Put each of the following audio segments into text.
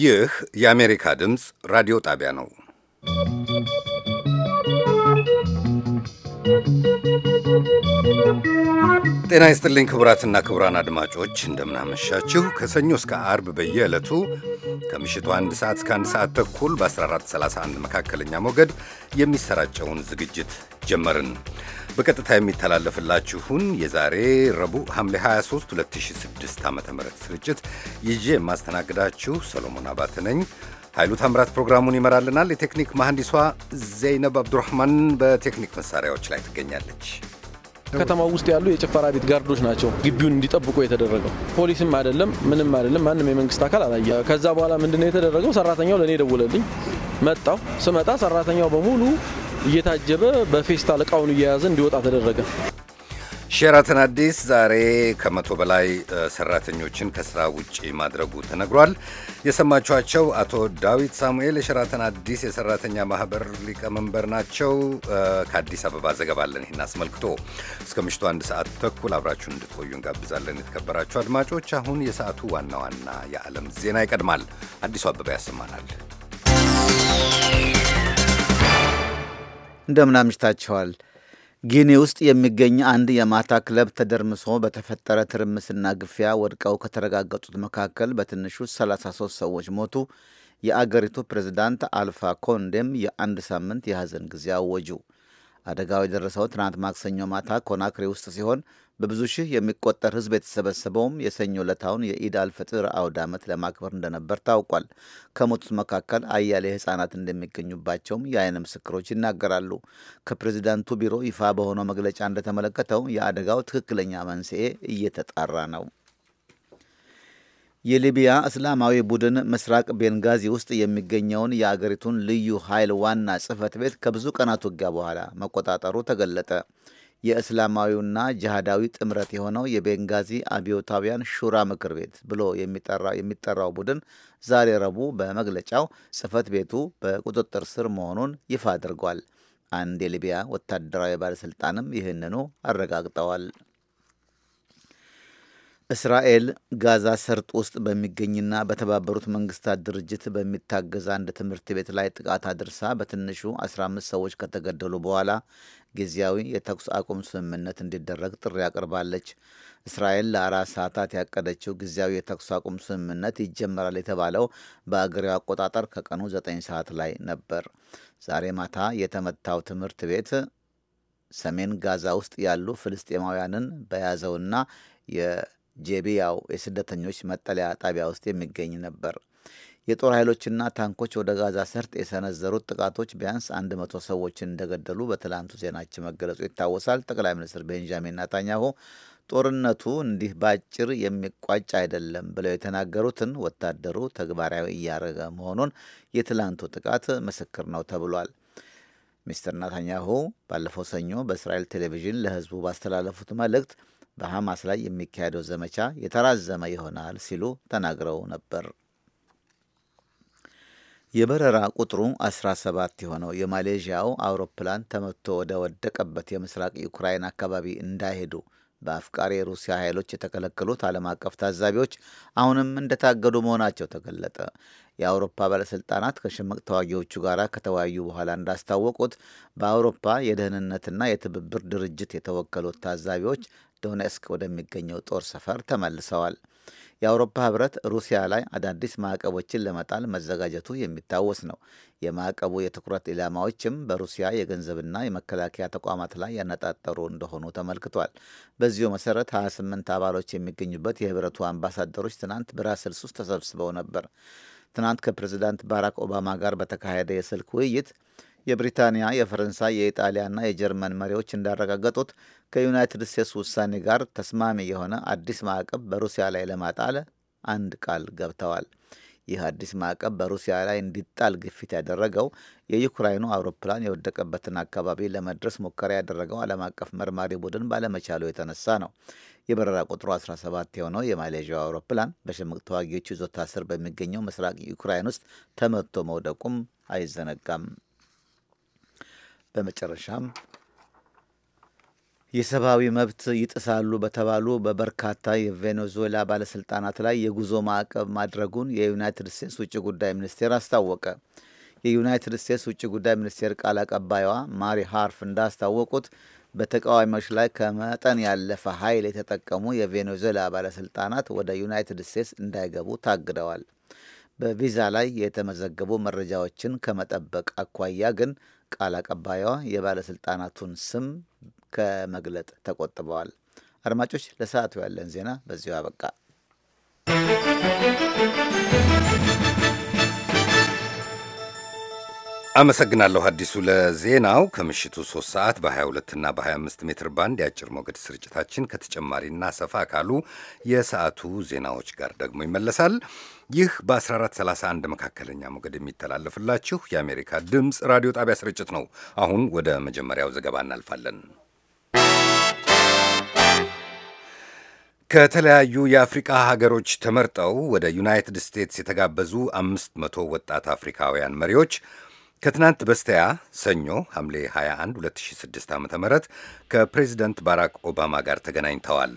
ይህ የአሜሪካ ድምፅ ራዲዮ ጣቢያ ነው። ጤና ይስጥልኝ ክቡራትና ክቡራን አድማጮች እንደምናመሻችሁ። ከሰኞ እስከ አርብ በየዕለቱ ከምሽቱ አንድ ሰዓት እስከ አንድ ሰዓት ተኩል በ1431 መካከለኛ ሞገድ የሚሰራጨውን ዝግጅት ጀመርን። በቀጥታ የሚተላለፍላችሁን የዛሬ ረቡዕ ሐምሌ 23 2006 ዓ ም ስርጭት ይዤ የማስተናግዳችሁ ሰሎሞን አባተ ነኝ። ኃይሉ ታምራት ፕሮግራሙን ይመራልናል። የቴክኒክ መሐንዲሷ ዘይነብ አብዱራህማን በቴክኒክ መሳሪያዎች ላይ ትገኛለች። ከተማው ውስጥ ያሉ የጭፈራ ቤት ጋርዶች ናቸው ግቢውን እንዲጠብቁ የተደረገው። ፖሊስም አይደለም ምንም አይደለም ማንም የመንግስት አካል አላየ። ከዛ በኋላ ምንድነው የተደረገው? ሰራተኛው ለእኔ ደውለልኝ መጣው። ስመጣ ሰራተኛው በሙሉ እየታጀበ በፌስታል እቃውን እየያዘ እንዲወጣ ተደረገ። ሼራተን አዲስ ዛሬ ከመቶ በላይ ሰራተኞችን ከስራ ውጪ ማድረጉ ተነግሯል። የሰማችኋቸው አቶ ዳዊት ሳሙኤል የሸራተን አዲስ የሰራተኛ ማህበር ሊቀመንበር ናቸው። ከአዲስ አበባ ዘገባለን ይህን አስመልክቶ እስከ ምሽቱ አንድ ሰዓት ተኩል አብራችሁን እንድትቆዩ እንጋብዛለን። የተከበራችሁ አድማጮች፣ አሁን የሰዓቱ ዋና ዋና የዓለም ዜና ይቀድማል። አዲሱ አበባ ያሰማናል። እንደምን አምሽታችኋል። ጊኒ ውስጥ የሚገኝ አንድ የማታ ክለብ ተደርምሶ በተፈጠረ ትርምስና ግፊያ ወድቀው ከተረጋገጡት መካከል በትንሹ 33 ሰዎች ሞቱ። የአገሪቱ ፕሬዝዳንት አልፋ ኮንዴም የአንድ ሳምንት የሐዘን ጊዜ አወጁ። አደጋው የደረሰው ትናንት ማክሰኞ ማታ ኮናክሪ ውስጥ ሲሆን በብዙ ሺህ የሚቆጠር ሕዝብ የተሰበሰበውም የሰኞ ዕለታውን የኢድ አልፈጥር አውድ ዓመት ለማክበር እንደነበር ታውቋል። ከሞቱት መካከል አያሌ ሕጻናት እንደሚገኙባቸውም የአይን ምስክሮች ይናገራሉ። ከፕሬዚዳንቱ ቢሮ ይፋ በሆነው መግለጫ እንደተመለከተው የአደጋው ትክክለኛ መንስኤ እየተጣራ ነው። የሊቢያ እስላማዊ ቡድን ምስራቅ ቤንጋዚ ውስጥ የሚገኘውን የአገሪቱን ልዩ ኃይል ዋና ጽህፈት ቤት ከብዙ ቀናት ውጊያ በኋላ መቆጣጠሩ ተገለጠ። የእስላማዊውና ጅሃዳዊ ጥምረት የሆነው የቤንጋዚ አብዮታውያን ሹራ ምክር ቤት ብሎ የሚጠራው ቡድን ዛሬ ረቡዕ በመግለጫው ጽህፈት ቤቱ በቁጥጥር ስር መሆኑን ይፋ አድርጓል። አንድ የሊቢያ ወታደራዊ ባለሥልጣንም ይህንኑ አረጋግጠዋል። እስራኤል ጋዛ ሰርጥ ውስጥ በሚገኝና በተባበሩት መንግስታት ድርጅት በሚታገዝ አንድ ትምህርት ቤት ላይ ጥቃት አድርሳ በትንሹ 15 ሰዎች ከተገደሉ በኋላ ጊዜያዊ የተኩስ አቁም ስምምነት እንዲደረግ ጥሪ አቅርባለች። እስራኤል ለአራት ሰዓታት ያቀደችው ጊዜያዊ የተኩስ አቁም ስምምነት ይጀመራል የተባለው በአገሬው አቆጣጠር ከቀኑ 9 ሰዓት ላይ ነበር። ዛሬ ማታ የተመታው ትምህርት ቤት ሰሜን ጋዛ ውስጥ ያሉ ፍልስጤማውያንን በያዘውና ጄቢያው የስደተኞች መጠለያ ጣቢያ ውስጥ የሚገኝ ነበር። የጦር ኃይሎችና ታንኮች ወደ ጋዛ ሰርጥ የሰነዘሩት ጥቃቶች ቢያንስ 100 ሰዎችን እንደገደሉ በትላንቱ ዜናችን መገለጹ ይታወሳል። ጠቅላይ ሚኒስትር ቤንጃሚን ናታንያሁ ጦርነቱ እንዲህ ባጭር የሚቋጭ አይደለም ብለው የተናገሩትን ወታደሩ ተግባራዊ እያደረገ መሆኑን የትላንቱ ጥቃት ምስክር ነው ተብሏል። ሚስትር ናታኛሁ ባለፈው ሰኞ በእስራኤል ቴሌቪዥን ለሕዝቡ ባስተላለፉት መልእክት በሐማስ ላይ የሚካሄደው ዘመቻ የተራዘመ ይሆናል ሲሉ ተናግረው ነበር። የበረራ ቁጥሩ 17 የሆነው የማሌዥያው አውሮፕላን ተመቶ ወደ ወደቀበት የምስራቅ ዩክራይን አካባቢ እንዳይሄዱ በአፍቃሪ የሩሲያ ኃይሎች የተከለከሉት ዓለም አቀፍ ታዛቢዎች አሁንም እንደታገዱ መሆናቸው ተገለጠ። የአውሮፓ ባለሥልጣናት ከሽምቅ ተዋጊዎቹ ጋር ከተወያዩ በኋላ እንዳስታወቁት በአውሮፓ የደህንነትና የትብብር ድርጅት የተወከሉት ታዛቢዎች ዶኔስክ ወደሚገኘው ጦር ሰፈር ተመልሰዋል። የአውሮፓ ህብረት ሩሲያ ላይ አዳዲስ ማዕቀቦችን ለመጣል መዘጋጀቱ የሚታወስ ነው። የማዕቀቡ የትኩረት ኢላማዎችም በሩሲያ የገንዘብና የመከላከያ ተቋማት ላይ ያነጣጠሩ እንደሆኑ ተመልክቷል። በዚሁ መሰረት 28 አባሎች የሚገኙበት የህብረቱ አምባሳደሮች ትናንት ብራስልስ ውስጥ ተሰብስበው ነበር። ትናንት ከፕሬዚዳንት ባራክ ኦባማ ጋር በተካሄደ የስልክ ውይይት የብሪታንያ፣ የፈረንሳይ፣ የኢጣሊያና የጀርመን መሪዎች እንዳረጋገጡት ከዩናይትድ ስቴትስ ውሳኔ ጋር ተስማሚ የሆነ አዲስ ማዕቀብ በሩሲያ ላይ ለማጣል አንድ ቃል ገብተዋል። ይህ አዲስ ማዕቀብ በሩሲያ ላይ እንዲጣል ግፊት ያደረገው የዩክራይኑ አውሮፕላን የወደቀበትን አካባቢ ለመድረስ ሙከራ ያደረገው ዓለም አቀፍ መርማሪ ቡድን ባለመቻሉ የተነሳ ነው። የበረራ ቁጥሩ 17 የሆነው የማሌዥያ አውሮፕላን በሽምቅ ተዋጊዎች ይዞታ ስር በሚገኘው ምስራቅ ዩክራይን ውስጥ ተመቶ መውደቁም አይዘነጋም። በመጨረሻም የሰብአዊ መብት ይጥሳሉ በተባሉ በበርካታ የቬኔዙዌላ ባለሥልጣናት ላይ የጉዞ ማዕቀብ ማድረጉን የዩናይትድ ስቴትስ ውጭ ጉዳይ ሚኒስቴር አስታወቀ። የዩናይትድ ስቴትስ ውጭ ጉዳይ ሚኒስቴር ቃል አቀባይዋ ማሪ ሃርፍ እንዳስታወቁት በተቃዋሚዎች ላይ ከመጠን ያለፈ ኃይል የተጠቀሙ የቬኔዙዌላ ባለሥልጣናት ወደ ዩናይትድ ስቴትስ እንዳይገቡ ታግደዋል። በቪዛ ላይ የተመዘገቡ መረጃዎችን ከመጠበቅ አኳያ ግን ቃል አቀባዩዋ የባለሥልጣናቱን ስም ከመግለጥ ተቆጥበዋል። አድማጮች፣ ለሰዓቱ ያለን ዜና በዚሁ አበቃ። አመሰግናለሁ አዲሱ ለዜናው። ከምሽቱ 3 ሰዓት በ22 እና በ25 ሜትር ባንድ የአጭር ሞገድ ስርጭታችን ከተጨማሪና ሰፋ ካሉ የሰዓቱ ዜናዎች ጋር ደግሞ ይመለሳል። ይህ በ1431 መካከለኛ ሞገድ የሚተላለፍላችሁ የአሜሪካ ድምፅ ራዲዮ ጣቢያ ስርጭት ነው። አሁን ወደ መጀመሪያው ዘገባ እናልፋለን። ከተለያዩ የአፍሪቃ ሀገሮች ተመርጠው ወደ ዩናይትድ ስቴትስ የተጋበዙ 500 ወጣት አፍሪካውያን መሪዎች ከትናንት በስቲያ ሰኞ ሐምሌ 21 2006 ዓ ም ከፕሬዚደንት ባራክ ኦባማ ጋር ተገናኝተዋል።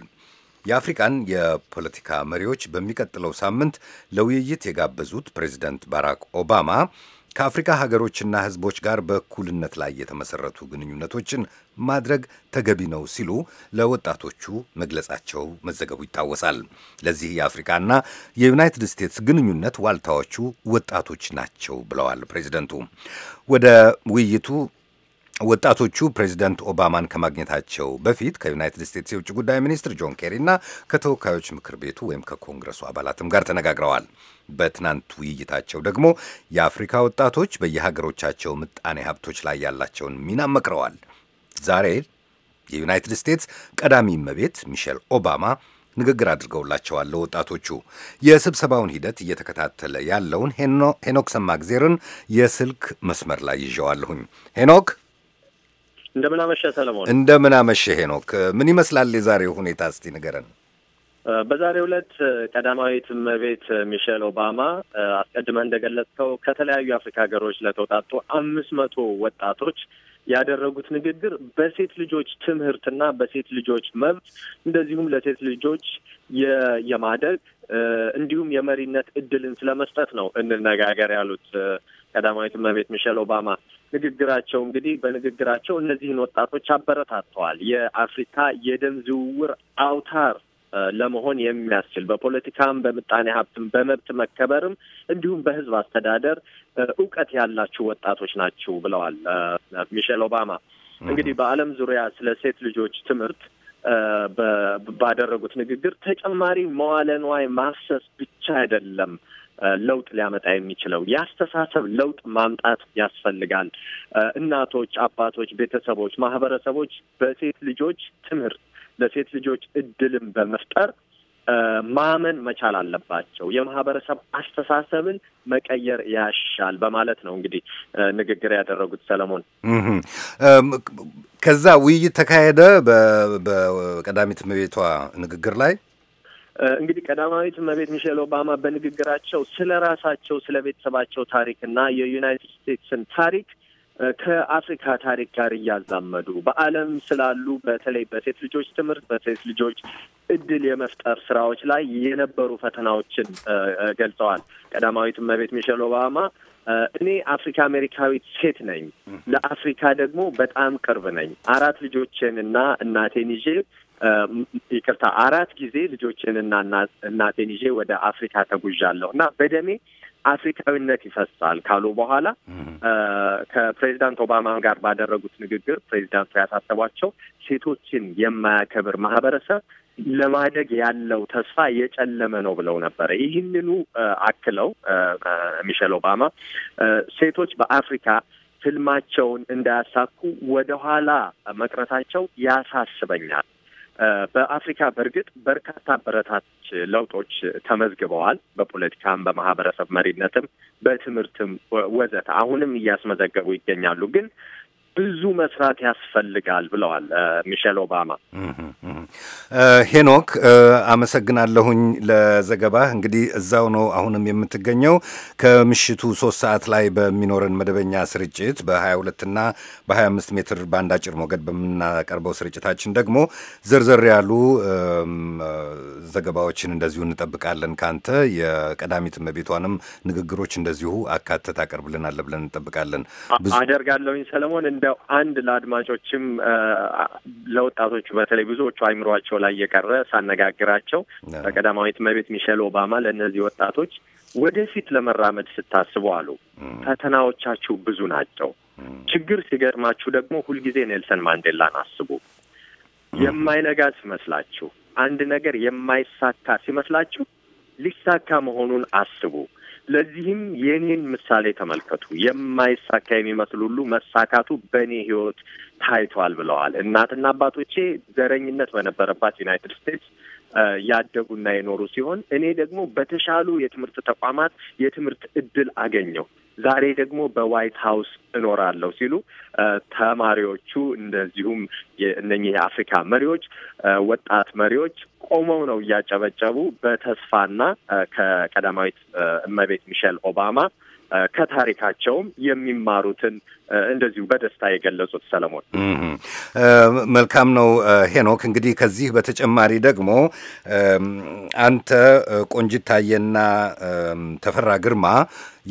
የአፍሪቃን የፖለቲካ መሪዎች በሚቀጥለው ሳምንት ለውይይት የጋበዙት ፕሬዚደንት ባራክ ኦባማ ከአፍሪካ ሀገሮችና ህዝቦች ጋር በእኩልነት ላይ የተመሰረቱ ግንኙነቶችን ማድረግ ተገቢ ነው ሲሉ ለወጣቶቹ መግለጻቸው መዘገቡ ይታወሳል። ለዚህ የአፍሪካና የዩናይትድ ስቴትስ ግንኙነት ዋልታዎቹ ወጣቶች ናቸው ብለዋል ፕሬዚደንቱ። ወደ ውይይቱ ወጣቶቹ ፕሬዚደንት ኦባማን ከማግኘታቸው በፊት ከዩናይትድ ስቴትስ የውጭ ጉዳይ ሚኒስትር ጆን ኬሪ እና ከተወካዮች ምክር ቤቱ ወይም ከኮንግረሱ አባላትም ጋር ተነጋግረዋል። በትናንት ውይይታቸው ደግሞ የአፍሪካ ወጣቶች በየሀገሮቻቸው ምጣኔ ሀብቶች ላይ ያላቸውን ሚና መክረዋል። ዛሬ የዩናይትድ ስቴትስ ቀዳሚ እመቤት ሚሼል ኦባማ ንግግር አድርገውላቸዋል ለወጣቶቹ። የስብሰባውን ሂደት እየተከታተለ ያለውን ሄኖክ ሰማግዜርን የስልክ መስመር ላይ ይዣዋለሁኝ። ሄኖክ እንደምን አመሸህ ሰለሞን። እንደምን ሄኖክ። ምን ይመስላል የዛሬው ሁኔታ እስቲ ንገረን። በዛሬው ዕለት ቀዳማዊት እመቤት ሚሼል ኦባማ አስቀድመህ እንደገለጽከው ከተለያዩ የአፍሪካ ሀገሮች ለተውጣጡ አምስት መቶ ወጣቶች ያደረጉት ንግግር በሴት ልጆች ትምህርትና በሴት ልጆች መብት እንደዚሁም ለሴት ልጆች የማደግ እንዲሁም የመሪነት እድልን ስለመስጠት ነው እንነጋገር ያሉት ቀዳማዊት እመቤት ሚሼል ኦባማ። ንግግራቸው እንግዲህ በንግግራቸው እነዚህን ወጣቶች አበረታተዋል። የአፍሪካ የደም ዝውውር አውታር ለመሆን የሚያስችል በፖለቲካም በምጣኔ ሀብትም በመብት መከበርም እንዲሁም በህዝብ አስተዳደር እውቀት ያላችሁ ወጣቶች ናችሁ ብለዋል ሚሼል ኦባማ። እንግዲህ በዓለም ዙሪያ ስለ ሴት ልጆች ትምህርት ባደረጉት ንግግር ተጨማሪ መዋለ ንዋይ ማፍሰስ ብቻ አይደለም ለውጥ ሊያመጣ የሚችለው የአስተሳሰብ ለውጥ ማምጣት ያስፈልጋል። እናቶች፣ አባቶች፣ ቤተሰቦች፣ ማህበረሰቦች በሴት ልጆች ትምህርት ለሴት ልጆች እድልን በመፍጠር ማመን መቻል አለባቸው። የማህበረሰብ አስተሳሰብን መቀየር ያሻል በማለት ነው እንግዲህ ንግግር ያደረጉት ሰለሞን። ከዛ ውይይት ተካሄደ በቀዳሚት እመቤቷ ንግግር ላይ እንግዲህ ቀዳማዊት እመቤት ሚሼል ኦባማ በንግግራቸው ስለ ራሳቸው ስለ ቤተሰባቸው ታሪክና የዩናይትድ ስቴትስን ታሪክ ከአፍሪካ ታሪክ ጋር እያዛመዱ በዓለም ስላሉ በተለይ በሴት ልጆች ትምህርት፣ በሴት ልጆች እድል የመፍጠር ስራዎች ላይ የነበሩ ፈተናዎችን ገልጸዋል። ቀዳማዊት እመቤት ሚሼል ኦባማ እኔ አፍሪካ አሜሪካዊት ሴት ነኝ፣ ለአፍሪካ ደግሞ በጣም ቅርብ ነኝ። አራት ልጆቼን እና እናቴን ይዤ ይቅርታ አራት ጊዜ ልጆችንና እናቴን ይዤ ወደ አፍሪካ ተጉዣለሁ እና በደሜ አፍሪካዊነት ይፈሳል ካሉ በኋላ ከፕሬዚዳንት ኦባማ ጋር ባደረጉት ንግግር ፕሬዚዳንቱ ያሳሰቧቸው ሴቶችን የማያከብር ማህበረሰብ ለማደግ ያለው ተስፋ የጨለመ ነው ብለው ነበረ። ይህንኑ አክለው ሚሼል ኦባማ ሴቶች በአፍሪካ ህልማቸውን እንዳያሳኩ ወደኋላ መቅረታቸው ያሳስበኛል በአፍሪካ በእርግጥ በርካታ አበረታች ለውጦች ተመዝግበዋል። በፖለቲካም፣ በማህበረሰብ መሪነትም፣ በትምህርትም ወዘተ አሁንም እያስመዘገቡ ይገኛሉ ግን ብዙ መስራት ያስፈልጋል ብለዋል ሚሼል ኦባማ። ሄኖክ አመሰግናለሁኝ ለዘገባህ። እንግዲህ እዛው ነው አሁንም የምትገኘው። ከምሽቱ ሶስት ሰዓት ላይ በሚኖረን መደበኛ ስርጭት በ22 እና በ25 ሜትር ባንድ አጭር ሞገድ በምናቀርበው ስርጭታችን ደግሞ ዘርዘር ያሉ ዘገባዎችን እንደዚሁ እንጠብቃለን ካንተ የቀዳሚት እመቤቷንም ንግግሮች እንደዚሁ አካተት አቀርብልናለ ብለን እንጠብቃለን። አደርጋለሁኝ ሰለሞን እንደው አንድ ለአድማጮችም ለወጣቶቹ በተለይ ብዙዎቹ አይምሯቸው ላይ የቀረ ሳነጋግራቸው በቀዳማዊት እመቤት ሚሸል ኦባማ ለእነዚህ ወጣቶች ወደፊት ለመራመድ ስታስቡ አሉ ፈተናዎቻችሁ ብዙ ናቸው። ችግር ሲገጥማችሁ ደግሞ ሁልጊዜ ኔልሰን ማንዴላን አስቡ። የማይነጋ ሲመስላችሁ፣ አንድ ነገር የማይሳካ ሲመስላችሁ ሊሳካ መሆኑን አስቡ። ለዚህም የኔን ምሳሌ ተመልከቱ። የማይሳካ የሚመስል ሁሉ መሳካቱ በእኔ ህይወት ታይቷል ብለዋል። እናትና አባቶቼ ዘረኝነት በነበረባት ዩናይትድ ስቴትስ ያደጉና የኖሩ ሲሆን እኔ ደግሞ በተሻሉ የትምህርት ተቋማት የትምህርት እድል አገኘው። ዛሬ ደግሞ በዋይት ሀውስ እኖራለሁ ሲሉ ተማሪዎቹ እንደዚሁም እነኚህ የአፍሪካ መሪዎች፣ ወጣት መሪዎች ቆመው ነው እያጨበጨቡ በተስፋና ከቀዳማዊት እመቤት ሚሸል ኦባማ ከታሪካቸውም የሚማሩትን እንደዚሁ በደስታ የገለጹት። ሰለሞን መልካም ነው ሄኖክ። እንግዲህ ከዚህ በተጨማሪ ደግሞ አንተ ቆንጅታየና ተፈራ ግርማ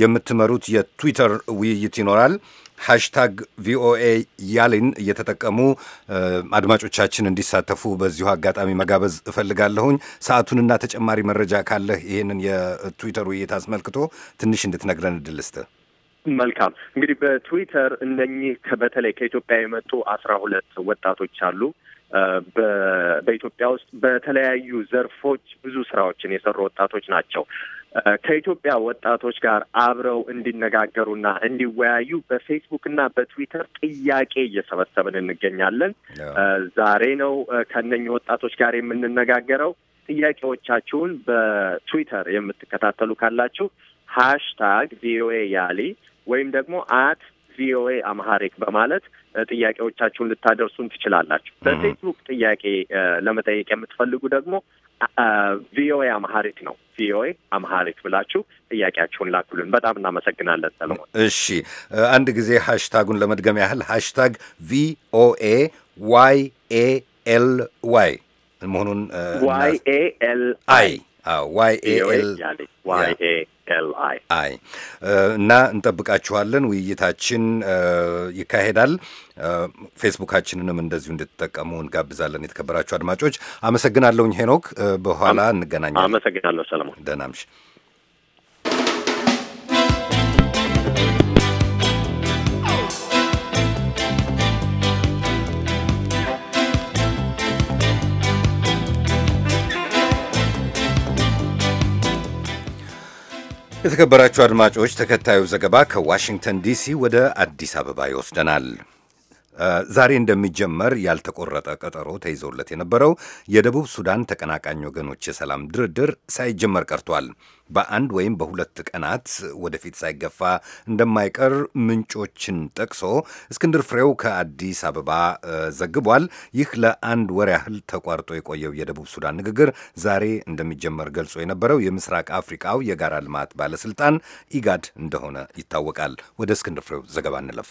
የምትመሩት የትዊተር ውይይት ይኖራል። ሃሽታግ ቪኦኤ ያሊን እየተጠቀሙ አድማጮቻችን እንዲሳተፉ በዚሁ አጋጣሚ መጋበዝ እፈልጋለሁኝ። ሰዓቱንና ተጨማሪ መረጃ ካለህ ይህንን የትዊተር ውይይት አስመልክቶ ትንሽ እንድትነግረን እድል መልካም እንግዲህ በትዊተር እነኚህ በተለይ ከኢትዮጵያ የመጡ አስራ ሁለት ወጣቶች አሉ። በኢትዮጵያ ውስጥ በተለያዩ ዘርፎች ብዙ ስራዎችን የሰሩ ወጣቶች ናቸው። ከኢትዮጵያ ወጣቶች ጋር አብረው እንዲነጋገሩና እንዲወያዩ እና በትዊተር ጥያቄ እየሰበሰብን እንገኛለን። ዛሬ ነው ከነኝ ወጣቶች ጋር የምንነጋገረው። ጥያቄዎቻችሁን በትዊተር የምትከታተሉ ካላችሁ ሃሽታግ ቪኦኤ ያሊ ወይም ደግሞ አት ቪኦኤ አምሃሪክ በማለት ጥያቄዎቻችሁን ልታደርሱን ትችላላችሁ። በፌስቡክ ጥያቄ ለመጠየቅ የምትፈልጉ ደግሞ ቪኦኤ አምሃሪክ ነው። ቪኦኤ አምሃሪክ ብላችሁ ጥያቄያችሁን ላኩልን። በጣም እናመሰግናለን ሰለሞን። እሺ አንድ ጊዜ ሀሽታጉን ለመድገም ያህል ሀሽታግ ቪኦኤ ዋይ ኤ ኤል ዋይ መሆኑን ዋይ ኤ ኤል አይ ዋይ ኤ ኤል ዋይ ኤ ኤል አይ አይ እና እንጠብቃችኋለን። ውይይታችን ይካሄዳል። ፌስቡካችንንም እንደዚሁ እንድትጠቀሙ እንጋብዛለን። የተከበራችሁ አድማጮች አመሰግናለሁኝ። ሄኖክ በኋላ እንገናኛለን። አመሰግናለሁ ሰለሞን። ደህና እምሽ የተከበራችሁ አድማጮች ተከታዩ ዘገባ ከዋሽንግተን ዲሲ ወደ አዲስ አበባ ይወስደናል። ዛሬ እንደሚጀመር ያልተቆረጠ ቀጠሮ ተይዞለት የነበረው የደቡብ ሱዳን ተቀናቃኝ ወገኖች የሰላም ድርድር ሳይጀመር ቀርቷል። በአንድ ወይም በሁለት ቀናት ወደፊት ሳይገፋ እንደማይቀር ምንጮችን ጠቅሶ እስክንድር ፍሬው ከአዲስ አበባ ዘግቧል። ይህ ለአንድ ወር ያህል ተቋርጦ የቆየው የደቡብ ሱዳን ንግግር ዛሬ እንደሚጀመር ገልጾ የነበረው የምስራቅ አፍሪካው የጋራ ልማት ባለስልጣን ኢጋድ እንደሆነ ይታወቃል። ወደ እስክንድር ፍሬው ዘገባ እንለፍ።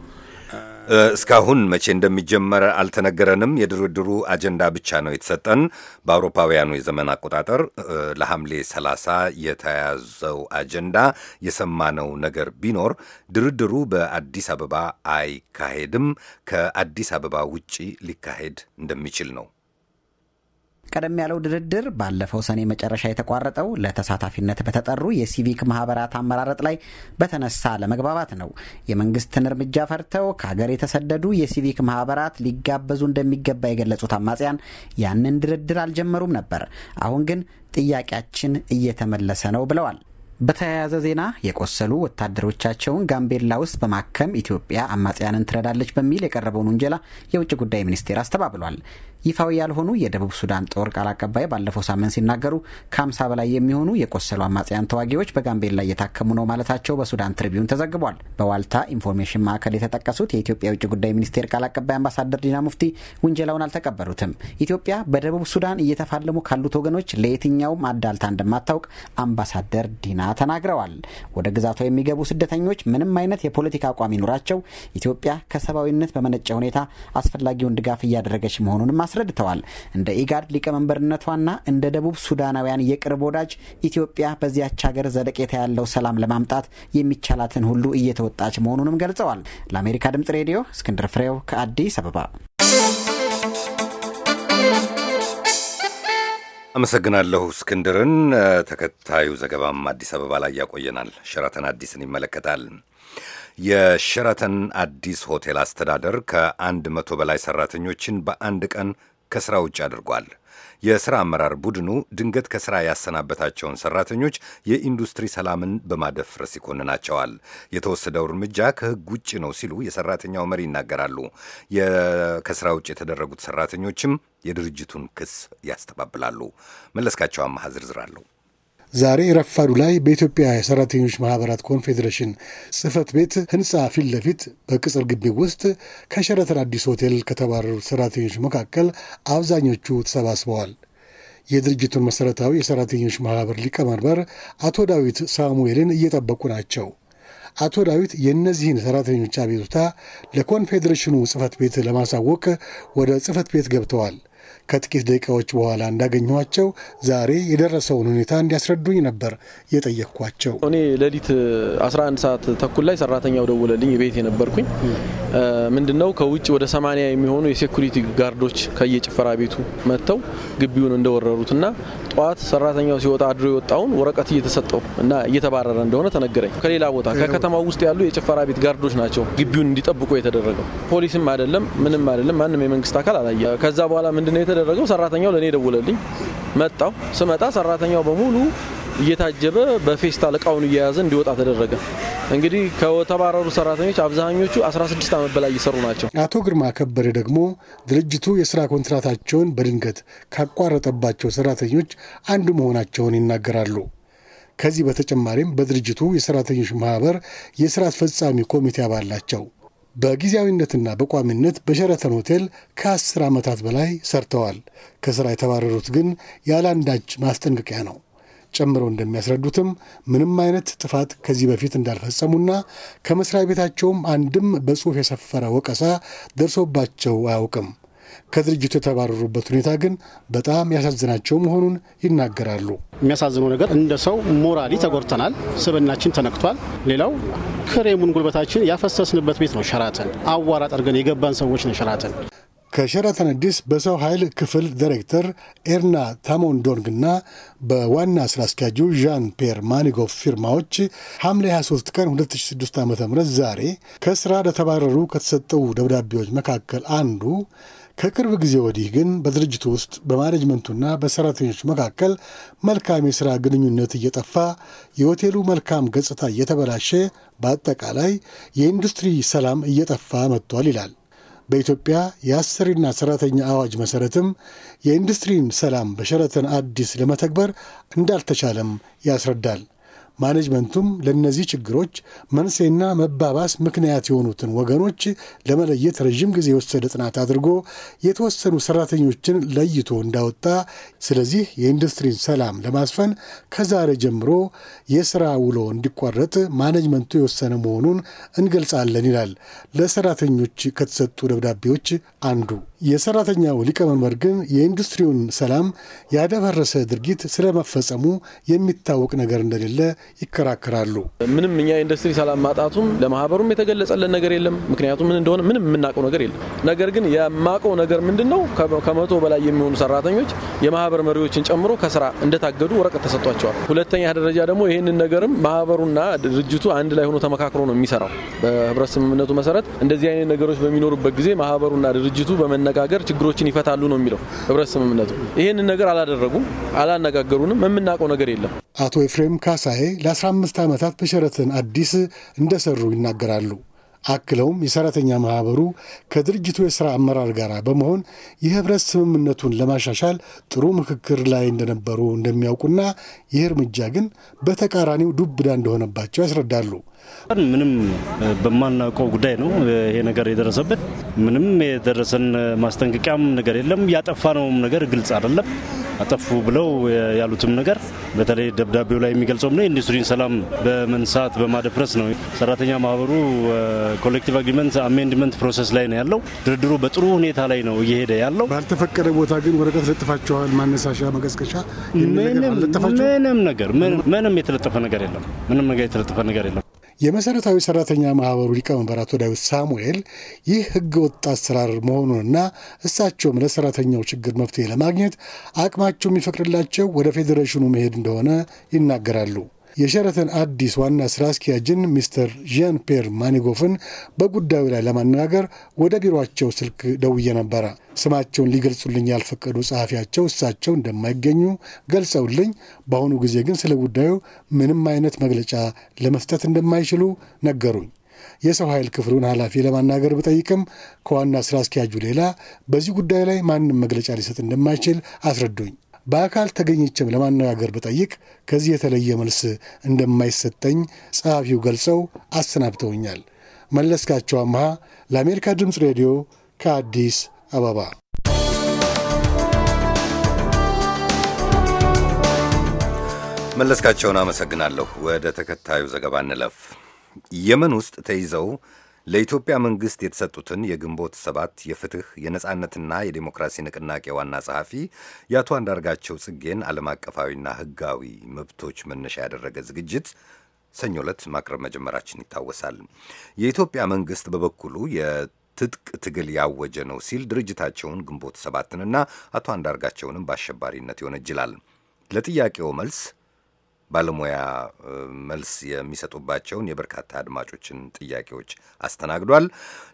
እስካሁን መቼ እንደሚጀመር አልተነገረንም። የድርድሩ አጀንዳ ብቻ ነው የተሰጠን። በአውሮፓውያኑ የዘመን አቆጣጠር ለሐምሌ 30 የተያዘው አጀንዳ የሰማነው ነገር ቢኖር ድርድሩ በአዲስ አበባ አይካሄድም፣ ከአዲስ አበባ ውጪ ሊካሄድ እንደሚችል ነው። ቀደም ያለው ድርድር ባለፈው ሰኔ መጨረሻ የተቋረጠው ለተሳታፊነት በተጠሩ የሲቪክ ማህበራት አመራረጥ ላይ በተነሳ ለመግባባት ነው። የመንግስትን እርምጃ ፈርተው ከሀገር የተሰደዱ የሲቪክ ማህበራት ሊጋበዙ እንደሚገባ የገለጹት አማጽያን ያንን ድርድር አልጀመሩም ነበር። አሁን ግን ጥያቄያችን እየተመለሰ ነው ብለዋል። በተያያዘ ዜና የቆሰሉ ወታደሮቻቸውን ጋምቤላ ውስጥ በማከም ኢትዮጵያ አማጽያንን ትረዳለች በሚል የቀረበውን ውንጀላ የውጭ ጉዳይ ሚኒስቴር አስተባብሏል። ይፋዊ ያልሆኑ የደቡብ ሱዳን ጦር ቃል አቀባይ ባለፈው ሳምንት ሲናገሩ ከ50 በላይ የሚሆኑ የቆሰሉ አማጽያን ተዋጊዎች በጋምቤላ እየታከሙ ነው ማለታቸው በሱዳን ትሪቢዩን ተዘግቧል። በዋልታ ኢንፎርሜሽን ማዕከል የተጠቀሱት የኢትዮጵያ የውጭ ጉዳይ ሚኒስቴር ቃል አቀባይ አምባሳደር ዲና ሙፍቲ ውንጀላውን አልተቀበሉትም። ኢትዮጵያ በደቡብ ሱዳን እየተፋለሙ ካሉት ወገኖች ለየትኛውም አዳልታ እንደማታውቅ አምባሳደር ዲና ተናግረዋል። ወደ ግዛቷ የሚገቡ ስደተኞች ምንም አይነት የፖለቲካ አቋም ይኑራቸው፣ ኢትዮጵያ ከሰብአዊነት በመነጨ ሁኔታ አስፈላጊውን ድጋፍ እያደረገች መሆኑንም አስረድተዋል። እንደ ኢጋድ ሊቀመንበርነቷና እንደ ደቡብ ሱዳናውያን የቅርብ ወዳጅ ኢትዮጵያ በዚያች ሀገር ዘለቄታ ያለው ሰላም ለማምጣት የሚቻላትን ሁሉ እየተወጣች መሆኑንም ገልጸዋል። ለአሜሪካ ድምጽ ሬዲዮ እስክንድር ፍሬው ከአዲስ አበባ አመሰግናለሁ እስክንድርን። ተከታዩ ዘገባም አዲስ አበባ ላይ ያቆየናል። ሸራተን አዲስን ይመለከታል። የሸራተን አዲስ ሆቴል አስተዳደር ከአንድ መቶ በላይ ሰራተኞችን በአንድ ቀን ከስራ ውጭ አድርጓል። የስራ አመራር ቡድኑ ድንገት ከስራ ያሰናበታቸውን ሰራተኞች የኢንዱስትሪ ሰላምን በማደፍረስ ይኮንናቸዋል። የተወሰደው እርምጃ ከህግ ውጭ ነው ሲሉ የሰራተኛው መሪ ይናገራሉ። ከስራ ውጭ የተደረጉት ሰራተኞችም የድርጅቱን ክስ ያስተባብላሉ። መለስካቸው አማሃ ዝርዝር ዛሬ ረፋዱ ላይ በኢትዮጵያ የሰራተኞች ማህበራት ኮንፌዴሬሽን ጽህፈት ቤት ህንፃ ፊት ለፊት በቅጽር ግቢ ውስጥ ከሸረተን አዲስ ሆቴል ከተባረሩት ሰራተኞች መካከል አብዛኞቹ ተሰባስበዋል። የድርጅቱን መሠረታዊ የሰራተኞች ማህበር ሊቀመንበር አቶ ዳዊት ሳሙኤልን እየጠበቁ ናቸው። አቶ ዳዊት የእነዚህን ሰራተኞች አቤቱታ ለኮንፌዴሬሽኑ ጽህፈት ቤት ለማሳወቅ ወደ ጽህፈት ቤት ገብተዋል። ከጥቂት ደቂቃዎች በኋላ እንዳገኘኋቸው ዛሬ የደረሰውን ሁኔታ እንዲያስረዱኝ ነበር የጠየቅኳቸው። እኔ ሌሊት 11 ሰዓት ተኩል ላይ ሰራተኛው ደውለልኝ ቤት የነበርኩኝ ምንድነው ከውጭ ወደ ሰማንያ የሚሆኑ የሴኩሪቲ ጋርዶች ከየጭፈራ ቤቱ መጥተው ግቢውን እንደወረሩትና ጠዋት ሰራተኛው ሲወጣ አድሮ የወጣውን ወረቀት እየተሰጠው እና እየተባረረ እንደሆነ ተነገረኝ። ከሌላ ቦታ ከከተማው ውስጥ ያሉ የጭፈራ ቤት ጋርዶች ናቸው ግቢውን እንዲጠብቁ የተደረገው። ፖሊስም አይደለም ምንም አይደለም ማንም የመንግስት አካል አላየ። ከዛ በኋላ ምንድነው የተደረገው? ሰራተኛው ለእኔ ደውለልኝ መጣው። ስመጣ ሰራተኛው በሙሉ እየታጀበ በፌስታል እቃውን እየያዘ እንዲወጣ ተደረገ። እንግዲህ ከተባረሩ ሰራተኞች አብዛኞቹ 16 ዓመት በላይ እየሰሩ ናቸው። አቶ ግርማ ከበደ ደግሞ ድርጅቱ የስራ ኮንትራታቸውን በድንገት ካቋረጠባቸው ሰራተኞች አንዱ መሆናቸውን ይናገራሉ። ከዚህ በተጨማሪም በድርጅቱ የሰራተኞች ማህበር የስራ አስፈጻሚ ኮሚቴ አባል ናቸው። በጊዜያዊነትና በቋሚነት በሸረተን ሆቴል ከአስር ዓመታት በላይ ሰርተዋል። ከስራ የተባረሩት ግን ያለ አንዳች ማስጠንቀቂያ ነው። ጨምረው እንደሚያስረዱትም ምንም አይነት ጥፋት ከዚህ በፊት እንዳልፈጸሙና ከመስሪያ ቤታቸውም አንድም በጽሑፍ የሰፈረ ወቀሳ ደርሶባቸው አያውቅም። ከድርጅቱ የተባረሩበት ሁኔታ ግን በጣም ያሳዝናቸው መሆኑን ይናገራሉ። የሚያሳዝነው ነገር እንደ ሰው ሞራሊ ተጎድተናል፣ ስብናችን ተነክቷል። ሌላው ክሬሙን ጉልበታችን ያፈሰስንበት ቤት ነው ሸራተን። አዋራ ጠርገን የገባን ሰዎች ነው ሸራተን ከሸራተን አዲስ በሰው ኃይል ክፍል ዳይሬክተር ኤርና ታሞንዶንግና በዋና ስራ አስኪያጁ ዣን ፒየር ማኒጎፍ ፊርማዎች ሐምሌ 23 ቀን 2006 ዓ ም ዛሬ ከስራ ለተባረሩ ከተሰጠው ደብዳቤዎች መካከል አንዱ ከቅርብ ጊዜ ወዲህ ግን በድርጅቱ ውስጥ በማኔጅመንቱና በሰራተኞች መካከል መልካም የሥራ ግንኙነት እየጠፋ የሆቴሉ መልካም ገጽታ እየተበላሸ፣ በአጠቃላይ የኢንዱስትሪ ሰላም እየጠፋ መጥቷል ይላል። በኢትዮጵያ የአሰሪና ሰራተኛ አዋጅ መሰረትም የኢንዱስትሪን ሰላም በሸረተን አዲስ ለመተግበር እንዳልተቻለም ያስረዳል። ማኔጅመንቱም ለእነዚህ ችግሮች መንሴና መባባስ ምክንያት የሆኑትን ወገኖች ለመለየት ረዥም ጊዜ የወሰደ ጥናት አድርጎ የተወሰኑ ሰራተኞችን ለይቶ እንዳወጣ፣ ስለዚህ የኢንዱስትሪን ሰላም ለማስፈን ከዛሬ ጀምሮ የስራ ውሎ እንዲቋረጥ ማኔጅመንቱ የወሰነ መሆኑን እንገልጻለን ይላል ለሰራተኞች ከተሰጡ ደብዳቤዎች አንዱ። የሰራተኛው ሊቀመንበር ግን የኢንዱስትሪውን ሰላም ያደፈረሰ ድርጊት ስለመፈጸሙ የሚታወቅ ነገር እንደሌለ ይከራከራሉ። ምንም እኛ የኢንዱስትሪ ሰላም ማጣቱም ለማህበሩም የተገለጸለን ነገር የለም። ምክንያቱም ምን እንደሆነ ምንም የምናውቀው ነገር የለም። ነገር ግን የማውቀው ነገር ምንድን ነው? ከመቶ በላይ የሚሆኑ ሰራተኞች የማህበር መሪዎችን ጨምሮ ከስራ እንደታገዱ ወረቀት ተሰጥቷቸዋል። ሁለተኛ ደረጃ ደግሞ ይህንን ነገርም ማህበሩና ድርጅቱ አንድ ላይ ሆኖ ተመካክሮ ነው የሚሰራው። በህብረት ስምምነቱ መሰረት እንደዚህ አይነት ነገሮች በሚኖሩበት ጊዜ ማህበሩና ድርጅቱ በመና በመነጋገር ችግሮችን ይፈታሉ ነው የሚለው ህብረት ስምምነቱ። ይህንን ነገር አላደረጉም፣ አላነጋገሩንም፣ የምናውቀው ነገር የለም። አቶ ኤፍሬም ካሳዬ ለ15 ዓመታት በሸረተን አዲስ እንደሰሩ ይናገራሉ። አክለውም የሰራተኛ ማህበሩ ከድርጅቱ የሥራ አመራር ጋር በመሆን የህብረት ስምምነቱን ለማሻሻል ጥሩ ምክክር ላይ እንደነበሩ እንደሚያውቁና ይህ እርምጃ ግን በተቃራኒው ዱብዳ እንደሆነባቸው ያስረዳሉ። ምንም በማናውቀው ጉዳይ ነው ይሄ ነገር የደረሰበት። ምንም የደረሰን ማስጠንቀቂያም ነገር የለም። ያጠፋነውም ነገር ግልጽ አይደለም። አጠፉ ብለው ያሉትም ነገር በተለይ ደብዳቤው ላይ የሚገልጸውም ነው የኢንዱስትሪን ሰላም በመንሳት በማደፍረስ ነው። ሰራተኛ ማህበሩ ኮሌክቲቭ አግሪመንት አሜንድመንት ፕሮሰስ ላይ ነው ያለው። ድርድሩ በጥሩ ሁኔታ ላይ ነው እየሄደ ያለው። ባልተፈቀደ ቦታ ግን ወረቀት ለጥፋቸዋል። ማነሳሻ መቀስቀሻ ምንም ነገር ምንም የተለጠፈ ነገር የለም። ምንም ነገር የተለጠፈ ነገር የለም። የመሰረታዊ ሰራተኛ ማህበሩ ሊቀመንበር አቶ ዳዊት ሳሙኤል ይህ ህገ ወጥ አሰራር መሆኑንና እሳቸውም ለሰራተኛው ችግር መፍትሄ ለማግኘት አቅማቸው የሚፈቅድላቸው ወደ ፌዴሬሽኑ መሄድ እንደሆነ ይናገራሉ። የሸረተን አዲስ ዋና ስራ አስኪያጅን ሚስተር ዣን ማኒጎፍን በጉዳዩ ላይ ለማነጋገር ወደ ቢሮቸው ስልክ ደውዬ ነበረ። ስማቸውን ሊገልጹልኝ ያልፈቀዱ ጸሐፊያቸው እሳቸው እንደማይገኙ ገልጸውልኝ፣ በአሁኑ ጊዜ ግን ስለ ጉዳዩ ምንም አይነት መግለጫ ለመስጠት እንደማይችሉ ነገሩኝ። የሰው ኃይል ክፍሉን ኃላፊ ለማናገር ብጠይቅም ከዋና ስራ አስኪያጁ ሌላ በዚህ ጉዳይ ላይ ማንም መግለጫ ሊሰጥ እንደማይችል አስረዱኝ። በአካል ተገኝቼም ለማነጋገር ብጠይቅ ከዚህ የተለየ መልስ እንደማይሰጠኝ ጸሐፊው ገልጸው አሰናብተውኛል። መለስካቸው አምሃ ለአሜሪካ ድምፅ ሬዲዮ ከአዲስ አበባ መለስካቸውን አመሰግናለሁ። ወደ ተከታዩ ዘገባ እንለፍ። የመን ውስጥ ተይዘው ለኢትዮጵያ መንግሥት የተሰጡትን የግንቦት ሰባት የፍትሕ የነጻነትና የዴሞክራሲ ንቅናቄ ዋና ጸሐፊ የአቶ አንዳርጋቸው ጽጌን ዓለም አቀፋዊና ሕጋዊ መብቶች መነሻ ያደረገ ዝግጅት ሰኞ ዕለት ማቅረብ መጀመራችን ይታወሳል። የኢትዮጵያ መንግሥት በበኩሉ የትጥቅ ትግል ያወጀ ነው ሲል ድርጅታቸውን ግንቦት ሰባትንና አቶ አንዳርጋቸውንም በአሸባሪነት ይወነጅላል። ለጥያቄው መልስ ባለሙያ መልስ የሚሰጡባቸውን የበርካታ አድማጮችን ጥያቄዎች አስተናግዷል።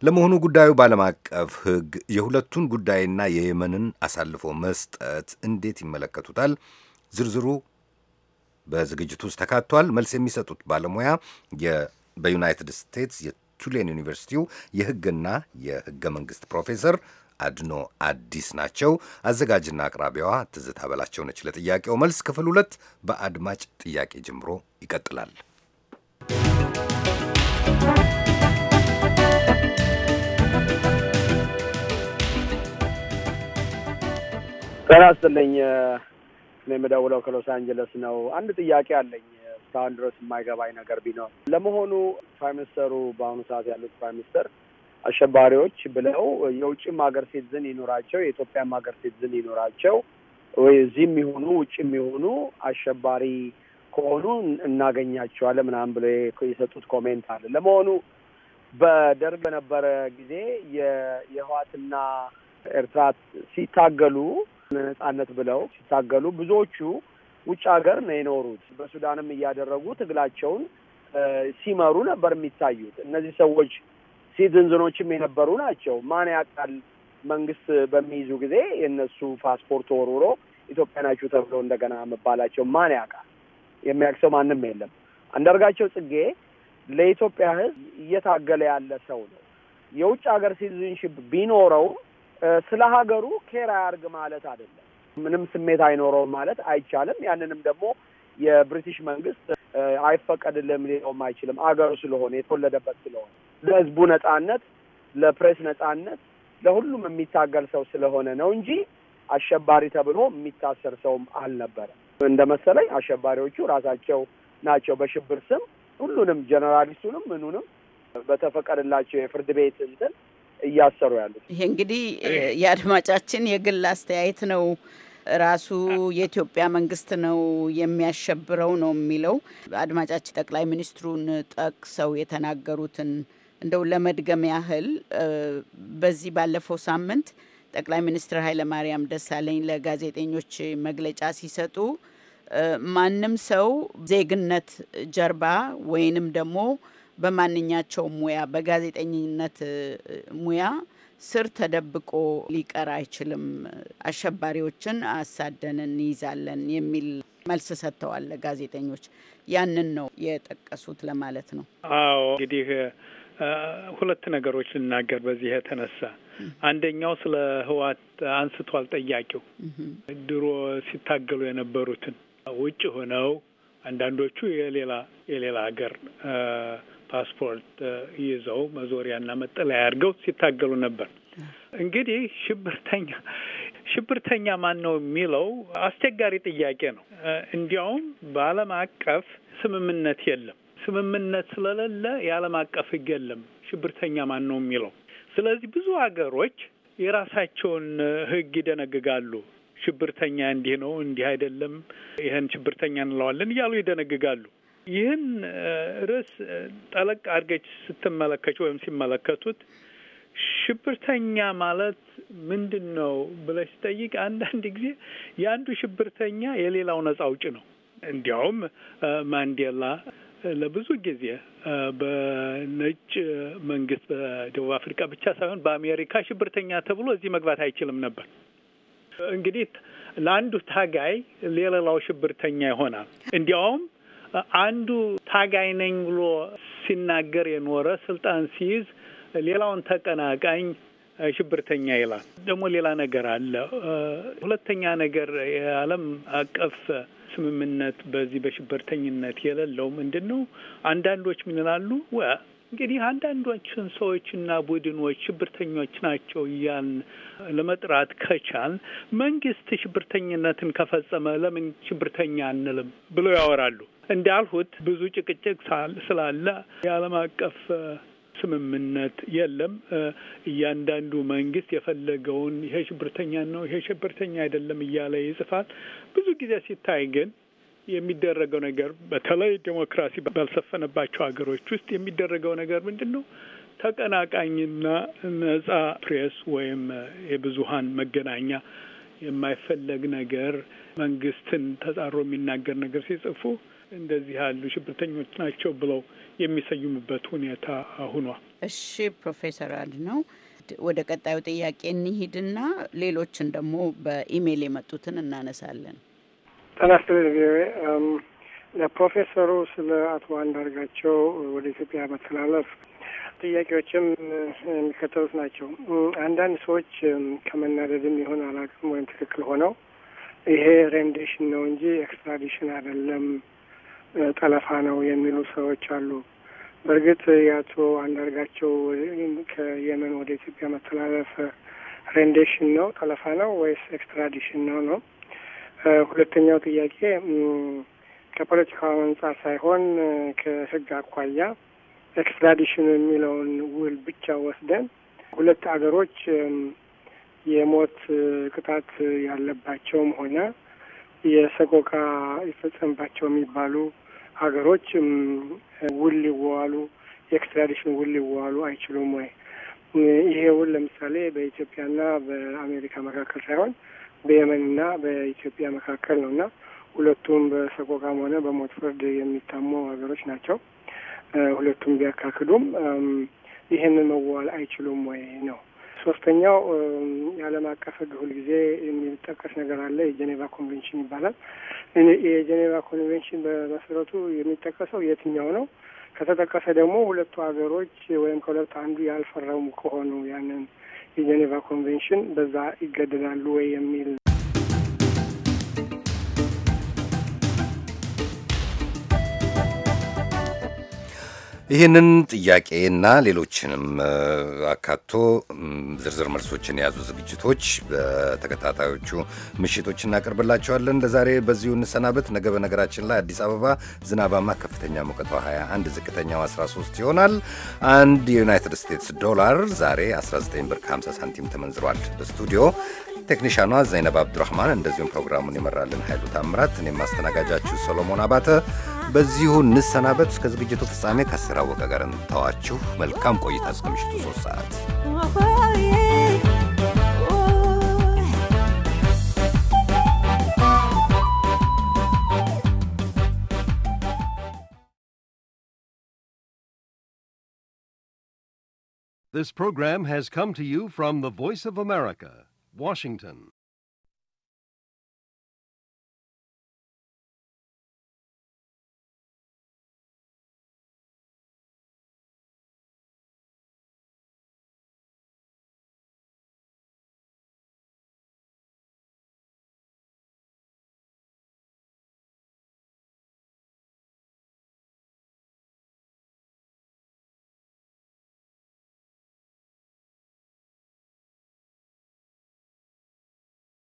ለመሆኑ ጉዳዩ በዓለም አቀፍ ሕግ የሁለቱን ጉዳይና የየመንን አሳልፎ መስጠት እንዴት ይመለከቱታል? ዝርዝሩ በዝግጅቱ ውስጥ ተካቷል። መልስ የሚሰጡት ባለሙያ በዩናይትድ ስቴትስ የቱሌን ዩኒቨርሲቲው የሕግና የሕገ መንግስት ፕሮፌሰር አድኖ አዲስ ናቸው። አዘጋጅና አቅራቢዋ ትዝታ በላቸው ነች። ለጥያቄው መልስ ክፍል ሁለት በአድማጭ ጥያቄ ጀምሮ ይቀጥላል። ጤና ይስጥልኝ። እኔ የምደውለው ከሎስ አንጀለስ ነው። አንድ ጥያቄ አለኝ። እስካሁን ድረስ የማይገባኝ ነገር ቢኖር ለመሆኑ ፕራይም ሚኒስተሩ በአሁኑ ሰዓት ያሉት ፕራይም ሚኒስተር አሸባሪዎች ብለው የውጭም ሀገር ሲቲዝን ይኖራቸው የኢትዮጵያም ሀገር ሲቲዝን ይኖራቸው ወይ እዚህም የሆኑ ውጭም የሆኑ አሸባሪ ከሆኑ እናገኛቸዋለን ምናምን ብሎ የሰጡት ኮሜንት አለ። ለመሆኑ በደርግ በነበረ ጊዜ የህዋትና ኤርትራ ሲታገሉ ነጻነት ብለው ሲታገሉ ብዙዎቹ ውጭ ሀገር ነው የኖሩት። በሱዳንም እያደረጉ ትግላቸውን ሲመሩ ነበር የሚታዩት እነዚህ ሰዎች ሲቲዝኖችም የነበሩ ናቸው። ማን ያውቃል መንግስት በሚይዙ ጊዜ የእነሱ ፓስፖርት ወርውሮ ኢትዮጵያ ናችሁ ተብሎ እንደገና መባላቸው ማን ያውቃል? የሚያውቅ ሰው ማንም የለም። አንዳርጋቸው ጽጌ ለኢትዮጵያ ሕዝብ እየታገለ ያለ ሰው ነው። የውጭ ሀገር ሲቲዝንሽፕ ቢኖረው ስለ ሀገሩ ኬር አያርግ ማለት አይደለም። ምንም ስሜት አይኖረውም ማለት አይቻልም። ያንንም ደግሞ የብሪቲሽ መንግስት አይፈቀድልም ሊለውም አይችልም። አገሩ ስለሆነ የተወለደበት ስለሆነ ለህዝቡ ነጻነት፣ ለፕሬስ ነጻነት፣ ለሁሉም የሚታገል ሰው ስለሆነ ነው እንጂ አሸባሪ ተብሎ የሚታሰር ሰውም አልነበረም። እንደ መሰለኝ አሸባሪዎቹ ራሳቸው ናቸው በሽብር ስም ሁሉንም ጀነራሊስቱንም ምኑንም በተፈቀደላቸው የፍርድ ቤት እንትን እያሰሩ ያሉት። ይሄ እንግዲህ የአድማጫችን የግል አስተያየት ነው። ራሱ የኢትዮጵያ መንግስት ነው የሚያሸብረው ነው የሚለው አድማጫችን ጠቅላይ ሚኒስትሩን ጠቅሰው የተናገሩትን እንደው ለመድገም ያህል በዚህ ባለፈው ሳምንት ጠቅላይ ሚኒስትር ኃይለማርያም ደሳለኝ ለጋዜጠኞች መግለጫ ሲሰጡ ማንም ሰው ዜግነት ጀርባ ወይንም ደግሞ በማንኛቸው ሙያ በጋዜጠኝነት ሙያ ስር ተደብቆ ሊቀር አይችልም፣ አሸባሪዎችን አሳደን እንይዛለን የሚል መልስ ሰጥተዋል ለጋዜጠኞች። ያንን ነው የጠቀሱት ለማለት ነው። አዎ እንግዲህ ሁለት ነገሮች ልናገር በዚህ የተነሳ አንደኛው ስለ ህዋት አንስቷል ጠያቂው። ድሮ ሲታገሉ የነበሩትን ውጭ ሆነው አንዳንዶቹ የሌላ የሌላ ሀገር ፓስፖርት ይዘው መዞሪያና መጠለያ አድርገው ሲታገሉ ነበር። እንግዲህ ሽብርተኛ ሽብርተኛ ማን ነው የሚለው አስቸጋሪ ጥያቄ ነው። እንዲያውም በዓለም አቀፍ ስምምነት የለም ስምምነት ስለሌለ የዓለም አቀፍ ሕግ የለም ሽብርተኛ ማን ነው የሚለው። ስለዚህ ብዙ ሀገሮች የራሳቸውን ሕግ ይደነግጋሉ። ሽብርተኛ እንዲህ ነው፣ እንዲህ አይደለም፣ ይህን ሽብርተኛ እንለዋለን እያሉ ይደነግጋሉ። ይህን ርዕስ ጠለቅ አድርገች ስትመለከች ወይም ሲመለከቱት ሽብርተኛ ማለት ምንድን ነው ብለሽ ስጠይቅ አንዳንድ ጊዜ የአንዱ ሽብርተኛ የሌላው ነጻ አውጭ ነው። እንዲያውም ማንዴላ ለብዙ ጊዜ በነጭ መንግስት በደቡብ አፍሪካ ብቻ ሳይሆን በአሜሪካ ሽብርተኛ ተብሎ እዚህ መግባት አይችልም ነበር። እንግዲህ ለአንዱ ታጋይ ሌላው ሽብርተኛ ይሆናል። እንዲያውም አንዱ ታጋይ ነኝ ብሎ ሲናገር የኖረ ስልጣን ሲይዝ ሌላውን ተቀናቃኝ ሽብርተኛ ይላል። ደግሞ ሌላ ነገር አለ። ሁለተኛ ነገር የዓለም አቀፍ ስምምነት በዚህ በሽበርተኝነት የሌለው ምንድን ነው? አንዳንዶች ምን ይላሉ? ወ እንግዲህ አንዳንዶችን ሰዎችና ቡድኖች ሽብርተኞች ናቸው እያል ለመጥራት ከቻል መንግስት ሽብርተኝነትን ከፈጸመ ለምን ሽብርተኛ አንልም ብለው ያወራሉ። እንዳልሁት ብዙ ጭቅጭቅ ስላለ የዓለም አቀፍ ስምምነት የለም። እያንዳንዱ መንግስት የፈለገውን ይሄ ሽብርተኛ ነው፣ ይሄ ሽብርተኛ አይደለም እያለ ይጽፋል። ብዙ ጊዜ ሲታይ ግን የሚደረገው ነገር በተለይ ዴሞክራሲ ባልሰፈነባቸው ሀገሮች ውስጥ የሚደረገው ነገር ምንድን ነው? ተቀናቃኝና ነጻ ፕሬስ ወይም የብዙሀን መገናኛ የማይፈለግ ነገር መንግስትን ተጻሮ የሚናገር ነገር ሲጽፉ እንደዚህ ያሉ ሽብርተኞች ናቸው ብለው የሚሰይሙበት ሁኔታ ሁኗል። እሺ ፕሮፌሰር ነው ወደ ቀጣዩ ጥያቄ እንሂድና ሌሎችን ደግሞ በኢሜይል የመጡትን እናነሳለን። ጠናስትልን ይስጥልኝ ቪኦኤ። ለፕሮፌሰሩ ስለ አቶ አንዳርጋቸው ወደ ኢትዮጵያ መተላለፍ ጥያቄዎችም የሚከተሉት ናቸው። አንዳንድ ሰዎች ከመናደድም ይሆን አላውቅም ወይም ትክክል ሆነው ይሄ ሬንዴሽን ነው እንጂ ኤክስትራዲሽን አይደለም ጠለፋ ነው የሚሉ ሰዎች አሉ። በእርግጥ የአቶ አንዳርጋቸው ከየመን ወደ ኢትዮጵያ መተላለፍ ሬንዴሽን ነው ጠለፋ ነው ወይስ ኤክስትራዲሽን ነው ነው? ሁለተኛው ጥያቄ ከፖለቲካው አንጻር ሳይሆን ከህግ አኳያ ኤክስትራዲሽን የሚለውን ውል ብቻ ወስደን ሁለት አገሮች የሞት ቅጣት ያለባቸውም ሆነ የሰቆቃ ይፈጸምባቸው የሚባሉ ሀገሮች ውል ሊዋሉ የኤክስትራዲሽን ውል ሊዋሉ አይችሉም ወይ? ይሄ ውል ለምሳሌ በኢትዮጵያና በአሜሪካ መካከል ሳይሆን በየመንና በኢትዮጵያ መካከል ነው እና ሁለቱም በሰቆቃም ሆነ በሞት ፍርድ የሚታሙ ሀገሮች ናቸው። ሁለቱም ቢያካክዱም ይህንን መዋዋል አይችሉም ወይ ነው ሶስተኛው የዓለም አቀፍ ሕግ ሁልጊዜ የሚጠቀስ ነገር አለ። የጄኔቫ ኮንቬንሽን ይባላል። የጄኔቫ ኮንቬንሽን በመሰረቱ የሚጠቀሰው የትኛው ነው? ከተጠቀሰ ደግሞ ሁለቱ ሀገሮች ወይም ከሁለቱ አንዱ ያልፈረሙ ከሆኑ ያንን የጄኔቫ ኮንቬንሽን በዛ ይገደዳሉ ወይ የሚል ይህንን ጥያቄና ሌሎችንም አካቶ ዝርዝር መልሶችን የያዙ ዝግጅቶች በተከታታዮቹ ምሽቶች እናቀርብላቸዋለን። ለዛሬ በዚሁ እንሰናበት። ነገ በነገራችን ላይ አዲስ አበባ ዝናባማ፣ ከፍተኛ ሙቀቷ 21፣ ዝቅተኛው 13 ይሆናል። አንድ የዩናይትድ ስቴትስ ዶላር ዛሬ 19 ብር 50 ሳንቲም ተመንዝሯል። በስቱዲዮ ቴክኒሻኗ ዘይነብ አብዱራህማን፣ እንደዚሁም ፕሮግራሙን ይመራልን ኃይሉ ታምራት፣ እኔም ማስተናጋጃችሁ ሰሎሞን አባተ በዚሁ እንሰናበት። እስከ ዝግጅቱ ፍጻሜ ከአስር አወቀ ጋር እንተዋችሁ። መልካም ቆይታ እስከ ምሽቱ ሶስት ሰዓት This program has come to you from the Voice of America, Washington.